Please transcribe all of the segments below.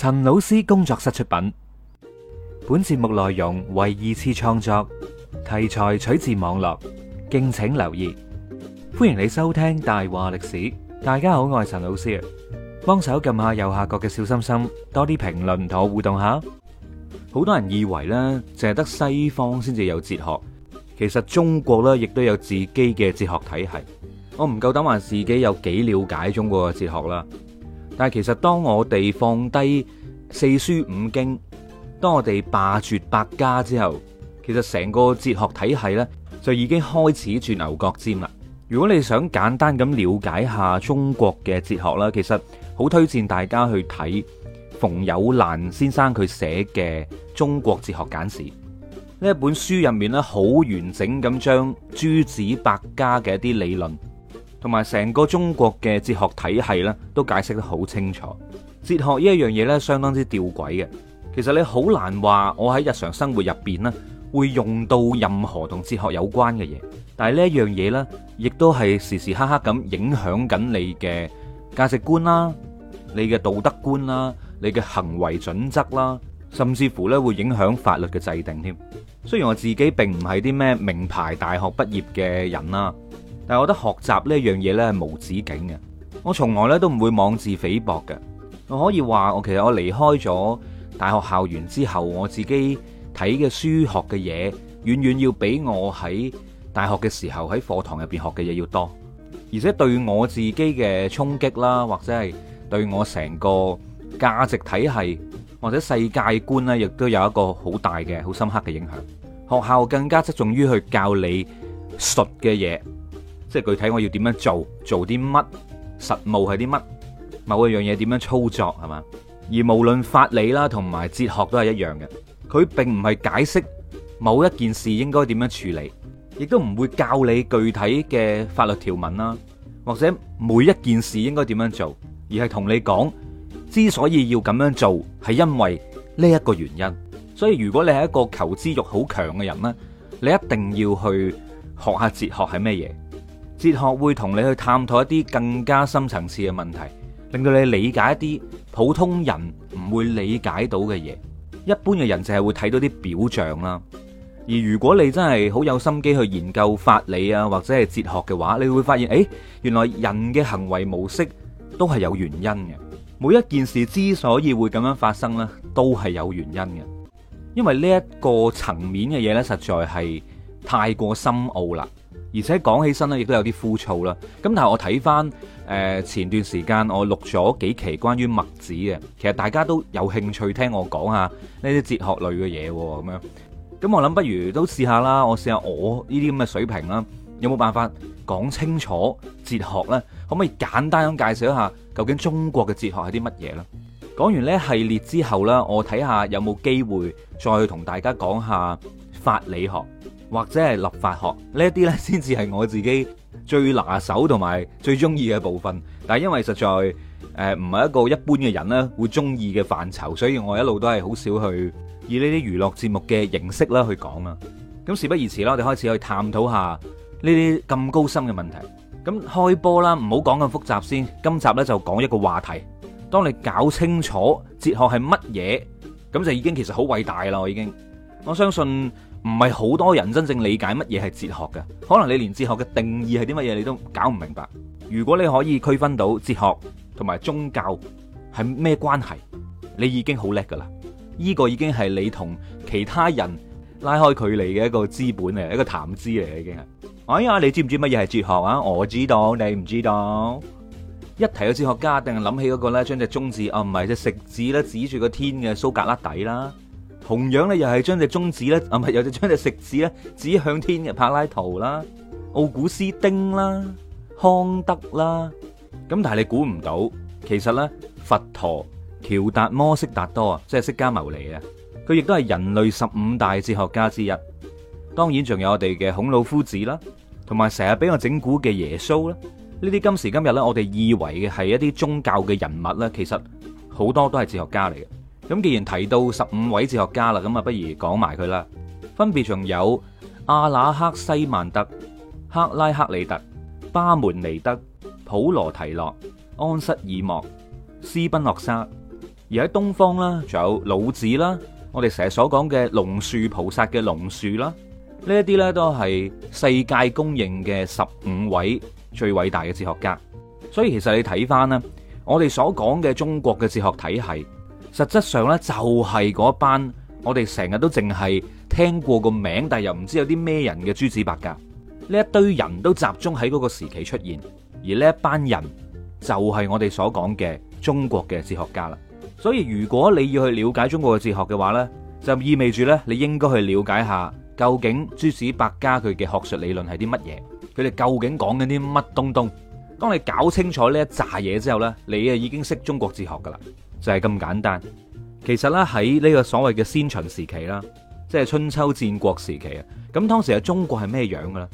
陳老師工作室出品，本節目內容為二次創作，題材取自網絡，敬請留意。歡迎你收聽大話歷史。大家好，我係陳老師，幫手撳下右下角嘅小心心，多啲評論同我互動下。好多人以為呢，淨係得西方先至有哲學，其實中國呢亦都有自己嘅哲學體系。我唔夠膽話自己有幾了解中國嘅哲學啦。但係其實當我哋放低四書五經，當我哋罷黜百家之後，其實成個哲學體系呢，就已經開始鑽牛角尖啦。如果你想簡單咁了解下中國嘅哲學啦，其實好推薦大家去睇馮友蘭先生佢寫嘅《中國哲學簡史》呢本書入面呢，好完整咁將諸子百家嘅一啲理論，同埋成個中國嘅哲學體系都解釋得好清楚。哲學呢一樣嘢相當之吊詭嘅。其實你好難話，我喺日常生活入邊會用到任何同哲學有關嘅嘢。但係呢一樣嘢呢，亦都係時時刻刻咁影響緊你嘅價值觀啦、你嘅道德觀啦、你嘅行為準則啦，甚至乎會影響法律嘅制定添。雖然我自己並唔係啲咩名牌大學畢業嘅人啦。但我覺得學習呢一樣嘢呢，係無止境嘅。我從來呢都唔會妄自菲薄嘅。我可以話，我其實我離開咗大學校園之後，我自己睇嘅書、學嘅嘢，遠遠要比我喺大學嘅時候喺課堂入邊學嘅嘢要多。而且對我自己嘅衝擊啦，或者係對我成個價值體系或者世界觀呢，亦都有一個好大嘅好深刻嘅影響。學校更加側重於去教你術嘅嘢。即係具體我要點樣做，做啲乜實務係啲乜，某一樣嘢點樣操作係嘛？而無論法理啦，同埋哲學都係一樣嘅。佢並唔係解釋某一件事應該點樣處理，亦都唔會教你具體嘅法律條文啦，或者每一件事應該點樣做，而係同你講之所以要咁樣做，係因為呢一個原因。所以如果你係一個求知欲好強嘅人呢，你一定要去學下哲學係咩嘢。哲學會同你去探討一啲更加深層次嘅問題，令到你理解一啲普通人唔會理解到嘅嘢。一般嘅人就係會睇到啲表象啦。而如果你真係好有心機去研究法理啊，或者係哲學嘅話，你會發現，誒原來人嘅行為模式都係有原因嘅。每一件事之所以會咁樣發生呢，都係有原因嘅。因為呢一個層面嘅嘢呢，實在係太過深奧啦。而且講起身咧，亦都有啲枯燥啦。咁但係我睇翻誒前段時間我錄咗幾期關於墨子嘅，其實大家都有興趣聽我講下呢啲哲學類嘅嘢喎。咁樣，咁我諗不如都試下啦。我試下我呢啲咁嘅水平啦，有冇辦法講清楚哲學呢？可唔可以簡單咁介紹一下究竟中國嘅哲學係啲乜嘢呢？講完呢系列之後呢，我睇下有冇機會再去同大家講下法理學。或者係立法學呢一啲呢，先至係我自己最拿手同埋最中意嘅部分。但係因為實在誒唔係一個一般嘅人呢，會中意嘅範疇，所以我一路都係好少去以呢啲娛樂節目嘅形式啦去講啦。咁事不宜遲啦，我哋開始去探討下呢啲咁高深嘅問題。咁開波啦，唔好講咁複雜先。今集呢就講一個話題。當你搞清楚哲學係乜嘢，咁就已經其實好偉大啦。我已經我相信。唔係好多人真正理解乜嘢係哲學嘅，可能你連哲學嘅定義係啲乜嘢你都搞唔明白。如果你可以區分到哲學同埋宗教係咩關係，你已經好叻噶啦！呢個已經係你同其他人拉開距離嘅一個資本嚟，一個談資嚟，已經係。哎呀，你知唔知乜嘢係哲學啊？我知道，你唔知道。一提到哲學家，定係諗起嗰個咧，將隻中指哦，唔係隻食指咧，指住個天嘅蘇格拉底啦。同樣咧，又係將隻中指咧，啊唔係，又係將隻食指咧，指向天嘅柏拉圖啦、奧古斯丁啦、康德啦。咁但係你估唔到，其實咧，佛陀、喬達摩·悉達多啊，即係釋迦牟尼啊，佢亦都係人類十五大哲學家之一。當然仲有我哋嘅孔老夫子啦，同埋成日俾我整蠱嘅耶穌啦。呢啲今時今日咧，我哋以為嘅係一啲宗教嘅人物啦，其實好多都係哲學家嚟嘅。咁既然提到十五位哲學家啦，咁啊，不如講埋佢啦。分別仲有阿那克西曼德、克拉克利特、巴門尼德、普羅提諾、安瑟爾莫、斯賓諾莎，而喺東方啦，仲有老子啦，我哋成日所講嘅龍樹菩薩嘅龍樹啦，呢一啲咧都係世界公認嘅十五位最偉大嘅哲學家。所以其實你睇翻，咧，我哋所講嘅中國嘅哲學體系，實質上呢，就係嗰班我哋成日都淨係聽過個名，但又唔知有啲咩人嘅諸子百家。呢一堆人都集中喺嗰個時期出現，而呢一班人就係我哋所講嘅中國嘅哲學家啦。所以如果你要去了解中國嘅哲學嘅話呢，就意味住呢，你應該去了解下究竟諸子百家佢嘅學術理論係啲乜嘢，佢哋究竟講緊啲乜東東。當你搞清楚呢一紮嘢之後呢，你就已經識中國哲學噶啦。就係咁簡單。其實咧，喺呢個所謂嘅先秦時期啦，即係春秋戰國時期啊。咁當時嘅中國係咩樣嘅咧？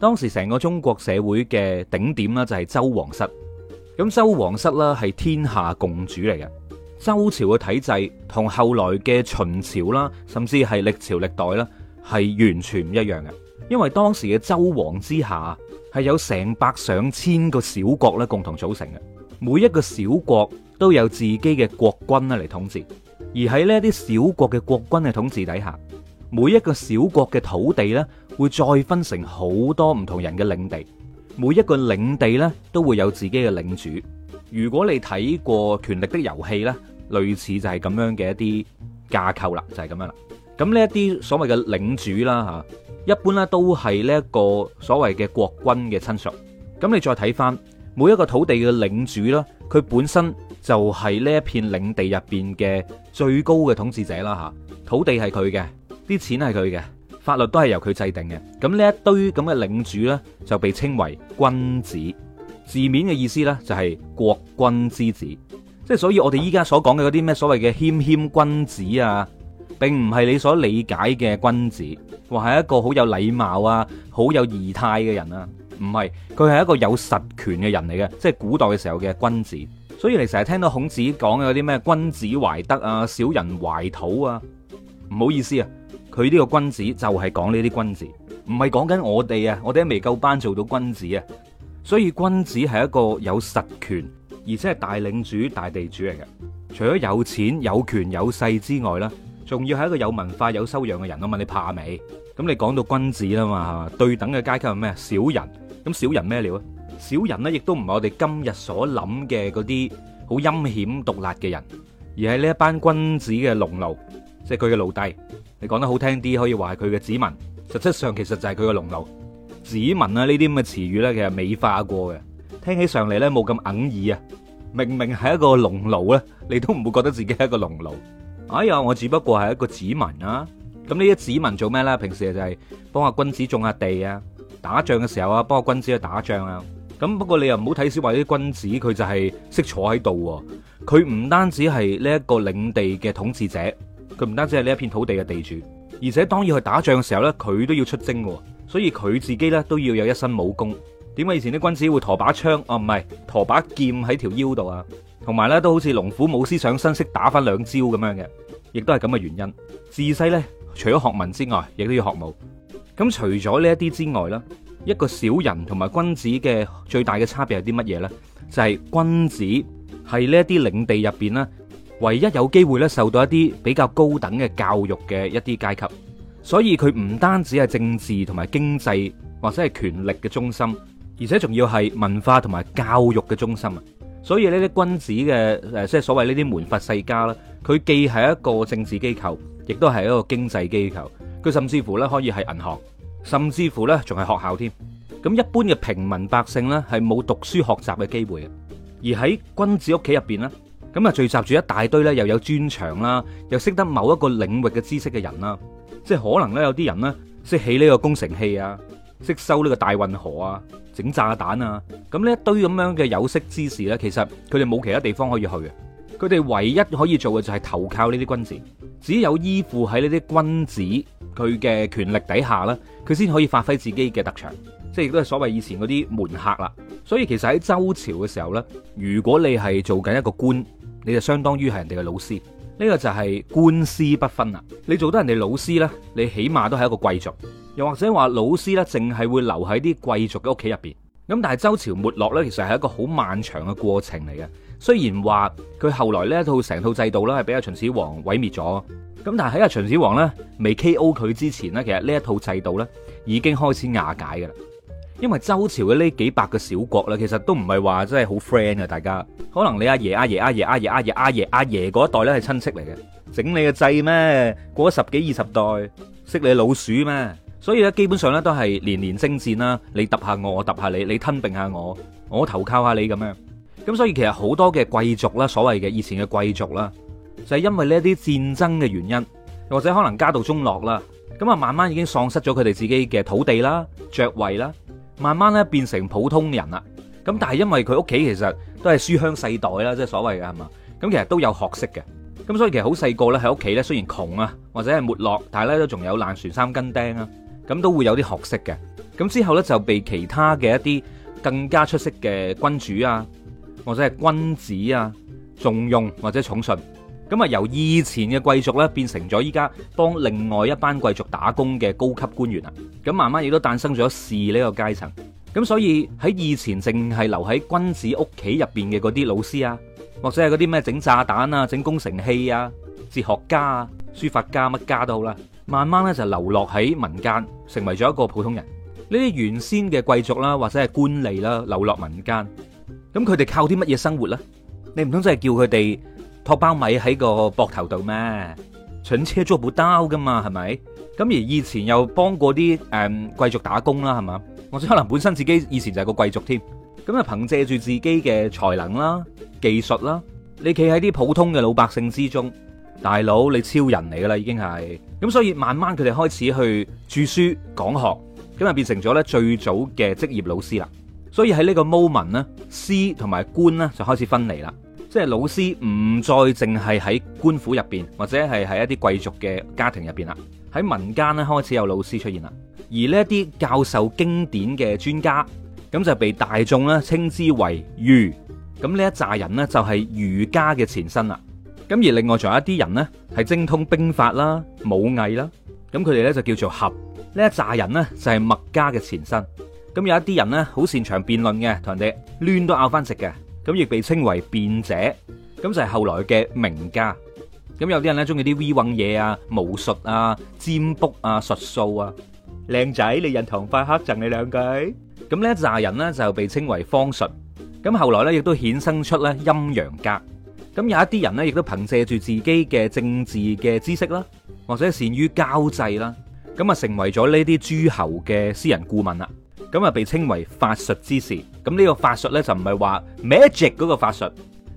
當時成個中國社會嘅頂點呢，就係周王室。咁周王室咧，係天下共主嚟嘅。周朝嘅體制同後來嘅秦朝啦，甚至係歷朝歷代咧，係完全唔一樣嘅。因為當時嘅周王之下係有成百上千個小國咧共同組成嘅，每一個小國。都有自己嘅國君啦，嚟統治，而喺呢啲小國嘅國君嘅統治底下，每一個小國嘅土地咧會再分成好多唔同人嘅領地，每一個領地咧都會有自己嘅領主。如果你睇過《權力的遊戲》呢，類似就係咁樣嘅一啲架構啦，就係、是、咁樣啦。咁呢一啲所謂嘅領主啦吓，一般咧都係呢一個所謂嘅國君嘅親屬。咁你再睇翻每一個土地嘅領主啦，佢本身。就係呢一片領地入邊嘅最高嘅統治者啦，嚇土地係佢嘅，啲錢係佢嘅，法律都係由佢制定嘅。咁呢一堆咁嘅領主呢，就被稱為君子，字面嘅意思呢，就係國君之子，即係所以我哋依家所講嘅嗰啲咩所謂嘅謙謙君子啊，並唔係你所理解嘅君子，或係一個好有禮貌啊、好有儀態嘅人啊，唔係，佢係一個有實權嘅人嚟嘅，即係古代嘅時候嘅君子。所以你成日聽到孔子講有啲咩君子懷德啊，小人懷土啊，唔好意思啊，佢呢個君子就係講呢啲君子，唔係講緊我哋啊，我哋都未夠班做到君子啊。所以君子係一個有實權，而且係大領主、大地主嚟嘅。除咗有錢、有權、有勢之外咧，仲要係一個有文化、有修養嘅人啊嘛。我問你怕未？咁你講到君子啊嘛，係嘛？對，對等嘅階級係咩？小人。咁小人咩料啊？小人呢，亦都唔係我哋今日所諗嘅嗰啲好陰險毒辣嘅人，而係呢一班君子嘅農奴，即係佢嘅奴隸。你講得好聽啲，可以話係佢嘅子民。實質上其實就係佢嘅農奴、子民啦。呢啲咁嘅詞語呢，其實美化過嘅，聽起上嚟，呢，冇咁硬耳啊。明明係一個農奴呢，你都唔會覺得自己係一個農奴。哎呀，我只不過係一個子民啊。咁呢啲子民做咩呢？平時就係幫阿君子種下地啊，打仗嘅時候啊，幫阿君子去打仗啊。咁不過你又唔好睇小話啲君子，佢就係識坐喺度喎。佢唔單止係呢一個領地嘅統治者，佢唔單止係呢一片土地嘅地主，而且當要去打仗嘅時候呢，佢都要出征喎。所以佢自己呢都要有一身武功。點解以前啲君子會陀把槍？啊，唔係陀把劍喺條腰度啊，同埋呢都好似龍虎武師上身，識打翻兩招咁樣嘅，亦都係咁嘅原因。自細呢，除咗學文之外，亦都要學武。咁除咗呢一啲之外啦。一個小人同埋君子嘅最大嘅差別係啲乜嘢呢？就係君子係呢一啲領地入邊呢，唯一有機會呢受到一啲比較高等嘅教育嘅一啲階級，所以佢唔單止係政治同埋經濟或者係權力嘅中心，而且仲要係文化同埋教育嘅中心。所以呢啲君子嘅誒，即係所謂呢啲門閥世家啦，佢既係一個政治機構，亦都係一個經濟機構，佢甚至乎呢可以係銀行。甚至乎咧，仲係學校添。咁一般嘅平民百姓呢，係冇讀書學習嘅機會嘅。而喺君子屋企入邊呢，咁啊聚集住一大堆咧，又有專長啦，又識得某一個領域嘅知識嘅人啦。即係可能呢，有啲人呢，識起呢個工程器啊，識收呢個大運河啊，整炸彈啊。咁呢一堆咁樣嘅有識之士呢，其實佢哋冇其他地方可以去嘅。佢哋唯一可以做嘅就係投靠呢啲君子，只有依附喺呢啲君子佢嘅權力底下呢，佢先可以發揮自己嘅特長，即係亦都係所謂以前嗰啲門客啦。所以其實喺周朝嘅時候呢，如果你係做緊一個官，你就相當於係人哋嘅老師，呢個就係官師不分啦。你做得人哋老師呢，你起碼都係一個貴族，又或者話老師呢，淨係會留喺啲貴族嘅屋企入邊。咁但係周朝沒落呢，其實係一個好漫長嘅過程嚟嘅。雖然話佢後來呢，一套成套制度呢係俾阿秦始皇毀滅咗。咁但係喺阿秦始皇呢未 K.O 佢之前呢，其實呢一套制度呢已經開始瓦解噶啦。因為周朝嘅呢幾百個小國呢，其實都唔係話真係好 friend 嘅大家。可能你阿爺阿爺阿爺阿爺阿爺阿爺阿爺嗰一代呢係親戚嚟嘅，整你個掣咩？過咗十幾二十代，識你老鼠咩？所以咧，基本上咧都係年年征戰啦，你揼下我，我揼下你，你吞併下我，我投靠下你咁樣。咁所以其實好多嘅貴族啦，所謂嘅以前嘅貴族啦，就係因為呢啲戰爭嘅原因，或者可能家道中落啦，咁啊慢慢已經喪失咗佢哋自己嘅土地啦、爵位啦，慢慢咧變成普通人啦。咁但係因為佢屋企其實都係書香世代啦，即係所謂嘅係嘛，咁其實都有學識嘅。咁所以其實好細個咧喺屋企咧，雖然窮啊，或者係沒落，但係咧都仲有爛船三根釘啊。咁都會有啲學識嘅，咁之後呢，就被其他嘅一啲更加出色嘅君主啊，或者係君子啊重用或者重信，咁啊由以前嘅貴族呢，變成咗依家幫另外一班貴族打工嘅高級官員啊，咁慢慢亦都誕生咗士呢個階層，咁所以喺以前淨係留喺君子屋企入面嘅嗰啲老師啊，或者係嗰啲咩整炸彈啊、整工程器啊、哲學家啊、書法家乜家都好啦。慢慢咧就流落喺民間，成為咗一個普通人。呢啲原先嘅貴族啦，或者係官吏啦，流落民間，咁佢哋靠啲乜嘢生活咧？你唔通真係叫佢哋托包米喺個膊頭度咩？蠢車租補刀噶嘛，係咪？咁而以前又幫過啲誒、嗯、貴族打工啦，係嘛？或者可能本身自己以前就係個貴族添，咁啊憑借住自己嘅才能啦、技術啦，你企喺啲普通嘅老百姓之中。大佬，你超人嚟噶啦，已經係咁，所以慢慢佢哋開始去著書講學，咁啊變成咗呢最早嘅職業老師啦。所以喺呢個 moment，呢師同埋官呢就開始分離啦。即係老師唔再淨係喺官府入面，或者係喺一啲貴族嘅家庭入面啦。喺民間呢，開始有老師出現啦。而呢一啲教授經典嘅專家，咁就被大眾咧稱之為儒。咁呢一紮人呢，就係儒家嘅前身啦。咁而另外仲有一啲人咧，係精通兵法啦、武藝啦，咁佢哋咧就叫做俠。呢一紮人咧就係墨家嘅前身。咁有一啲人咧好擅長辯論嘅，同人哋攣都拗翻直嘅，咁亦被稱為辯者。咁就係後來嘅名家。咁有啲人咧中意啲 V 運嘢啊、武術啊、占卜啊、術數啊。靚仔，你印堂發黑，贈你兩句。咁呢一紮人咧就被稱為方術。咁後來咧亦都衍生出咧陰陽家。咁有一啲人咧，亦都憑借住自己嘅政治嘅知識啦，或者善於交際啦，咁啊成為咗呢啲諸侯嘅私人顧問啦，咁啊被稱為法術之士。咁呢個法術咧就唔係話 magic 嗰個法術，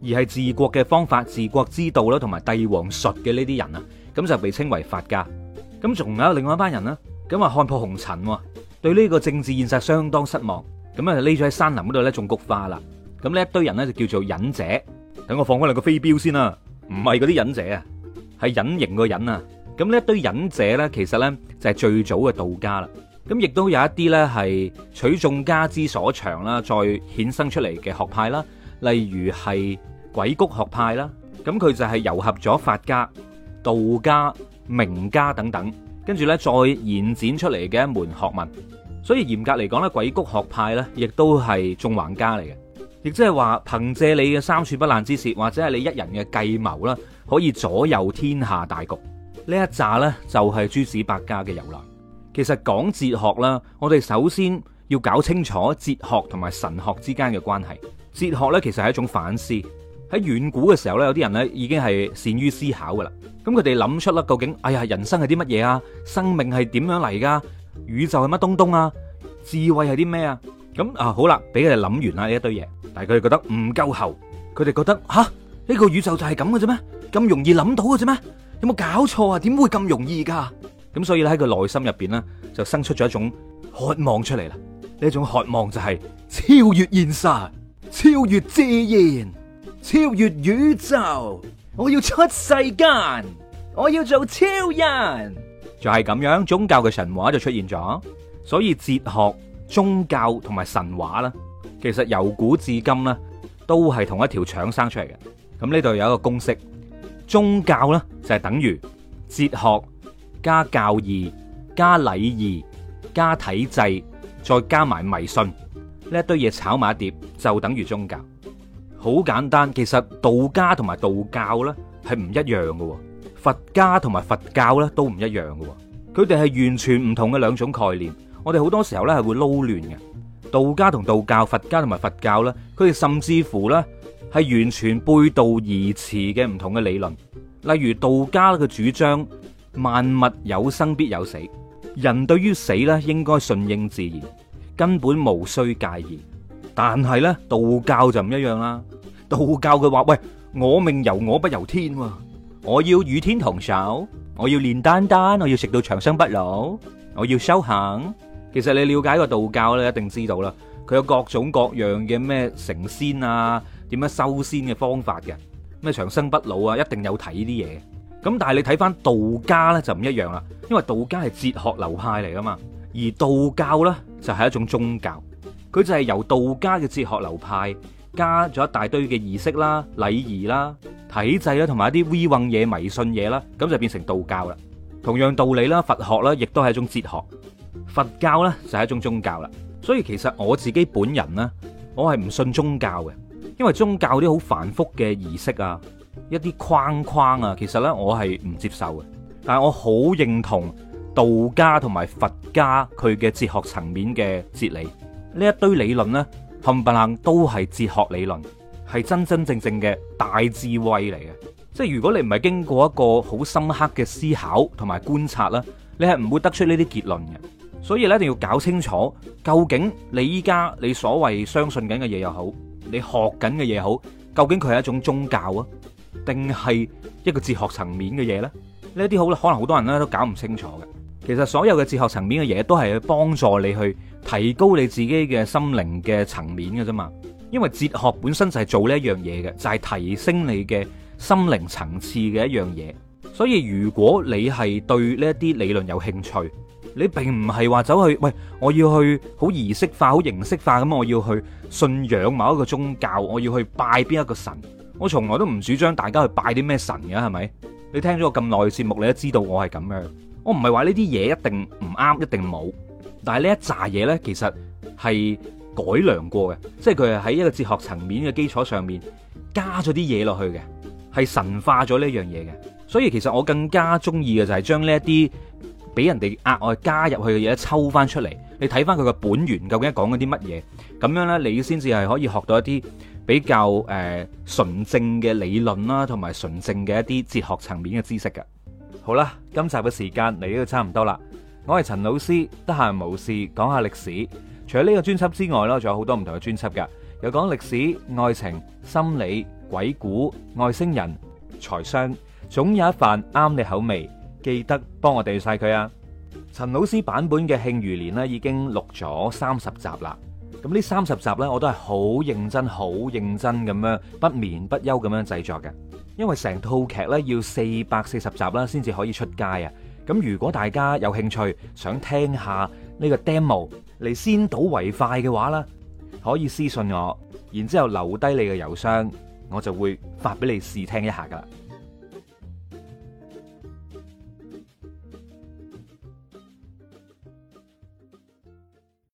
而係治國嘅方法、治國之道啦，同埋帝王術嘅呢啲人啊，咁就被稱為法家。咁仲有另外一班人呢，咁啊看破紅塵，對呢個政治現實相當失望，咁啊匿咗喺山林嗰度咧種菊花啦。咁呢一堆人呢，就叫做隱者。等我放開兩個飛鏢先啦，唔係嗰啲忍者啊，係隱形個隱啊。咁呢一堆忍者咧，其實咧就係最早嘅道家啦。咁亦都有一啲咧係取眾家之所長啦，再衍生出嚟嘅學派啦。例如係鬼谷學派啦，咁佢就係糅合咗法家、道家、名家等等，跟住咧再延展出嚟嘅一門學問。所以嚴格嚟講咧，鬼谷學派咧亦都係縱橫家嚟嘅。亦即係話，憑借你嘅三寸不爛之舌，或者係你一人嘅計謀啦，可以左右天下大局。呢一紮呢，就係諸子百家嘅由來。其實講哲學啦，我哋首先要搞清楚哲學同埋神學之間嘅關係。哲學呢，其實係一種反思。喺遠古嘅時候呢，有啲人呢已經係善於思考噶啦。咁佢哋諗出啦，究竟哎呀人生係啲乜嘢啊？生命係點樣嚟噶？宇宙係乜東東啊？智慧係啲咩啊？咁啊好啦，俾佢哋諗完啦呢一堆嘢。但佢哋覺得唔夠喉，佢哋覺得吓呢個宇宙就係咁嘅啫咩？咁容易諗到嘅啫咩？有冇搞錯啊？點會咁容易噶？咁所以咧喺佢內心入邊咧就生出咗一種渴望出嚟啦。呢一種渴望就係超越現實、超越自然、超越宇宙。我要出世間，我要做超人。就係咁樣，宗教嘅神話就出現咗。所以哲學、宗教同埋神話啦。其實由古至今咧，都係同一條腸生出嚟嘅。咁呢度有一個公式，宗教呢，就係等於哲學加教義加禮儀加體制，再加埋迷信呢一堆嘢炒埋一碟，就等於宗教。好簡單，其實道家同埋道教呢，係唔一樣嘅，佛家同埋佛教呢，都唔一樣嘅，佢哋係完全唔同嘅兩種概念。我哋好多時候呢，係會撈亂嘅。道家同道教、佛家同埋佛教啦，佢哋甚至乎咧係完全背道而馳嘅唔同嘅理論。例如道家嘅主張，萬物有生必有死，人對於死咧應該順應自然，根本無需介意。但係咧道教就唔一樣啦，道教嘅話喂，我命由我不由天，我要與天同壽，我要練丹丹，我要食到長生不老，我要修行。其實你了解個道教咧，一定知道啦。佢有各種各樣嘅咩成仙啊，點樣修仙嘅方法嘅咩長生不老啊，一定有睇呢啲嘢。咁但係你睇返道家咧就唔一樣啦，因為道家係哲學流派嚟噶嘛，而道教咧就係一種宗教。佢就係由道家嘅哲學流派加咗一大堆嘅儀式啦、禮儀啦、體制啦，同埋一啲 we 混嘢迷信嘢啦，咁就變成道教啦。同樣道理啦，佛學啦，亦都係一種哲學。佛教呢，就係一種宗教啦，所以其實我自己本人呢，我係唔信宗教嘅，因為宗教啲好繁複嘅儀式啊，一啲框框啊，其實呢，我係唔接受嘅。但係我好認同道家同埋佛家佢嘅哲學層面嘅哲理，呢一堆理論呢，冚唪唥都係哲學理論，係真真正正嘅大智慧嚟嘅。即係如果你唔係經過一個好深刻嘅思考同埋觀察啦，你係唔會得出呢啲結論嘅。所以咧一定要搞清楚，究竟你依家你所謂相信緊嘅嘢，又好，你學緊嘅嘢，又好，究竟佢係一種宗教啊，定係一個哲學層面嘅嘢呢？呢一啲好可能好多人咧都搞唔清楚嘅。其實所有嘅哲學層面嘅嘢都係去幫助你去提高你自己嘅心靈嘅層面嘅啫嘛。因為哲學本身就係做呢一樣嘢嘅，就係提升你嘅心靈層次嘅一樣嘢。所以如果你係對呢一啲理論有興趣。你並唔係話走去喂，我要去好儀式化、好形式化咁，我要去信仰某一個宗教，我要去拜邊一個神。我從來都唔主張大家去拜啲咩神嘅，係咪？你聽咗咁耐節目，你都知道我係咁樣。我唔係話呢啲嘢一定唔啱，一定冇。但係呢一紮嘢呢，其實係改良過嘅，即係佢係喺一個哲學層面嘅基礎上面加咗啲嘢落去嘅，係神化咗呢樣嘢嘅。所以其實我更加中意嘅就係將呢一啲。俾人哋額外加入去嘅嘢，抽翻出嚟，你睇翻佢嘅本源，究竟講緊啲乜嘢？咁樣呢，你先至係可以學到一啲比較誒、呃、純正嘅理論啦，同埋純正嘅一啲哲學層面嘅知識嘅。好啦，今集嘅時間嚟到就差唔多啦，我係陳老師，得閒無事講一下歷史。除咗呢個專輯之外咧，仲有好多唔同嘅專輯嘅，有講歷史、愛情、心理、鬼故、外星人、財商，總有一瓣啱你口味。記得幫我訂晒佢啊！陳老師版本嘅《慶餘年》已經錄咗三十集啦。咁呢三十集呢，我都係好認真、好認真咁樣不眠不休咁樣製作嘅。因為成套劇呢，要四百四十集啦，先至可以出街啊。咁如果大家有興趣想聽一下呢個 demo 嚟先睹為快嘅話啦，可以私信我，然之後留低你嘅郵箱，我就會發俾你試聽一下噶。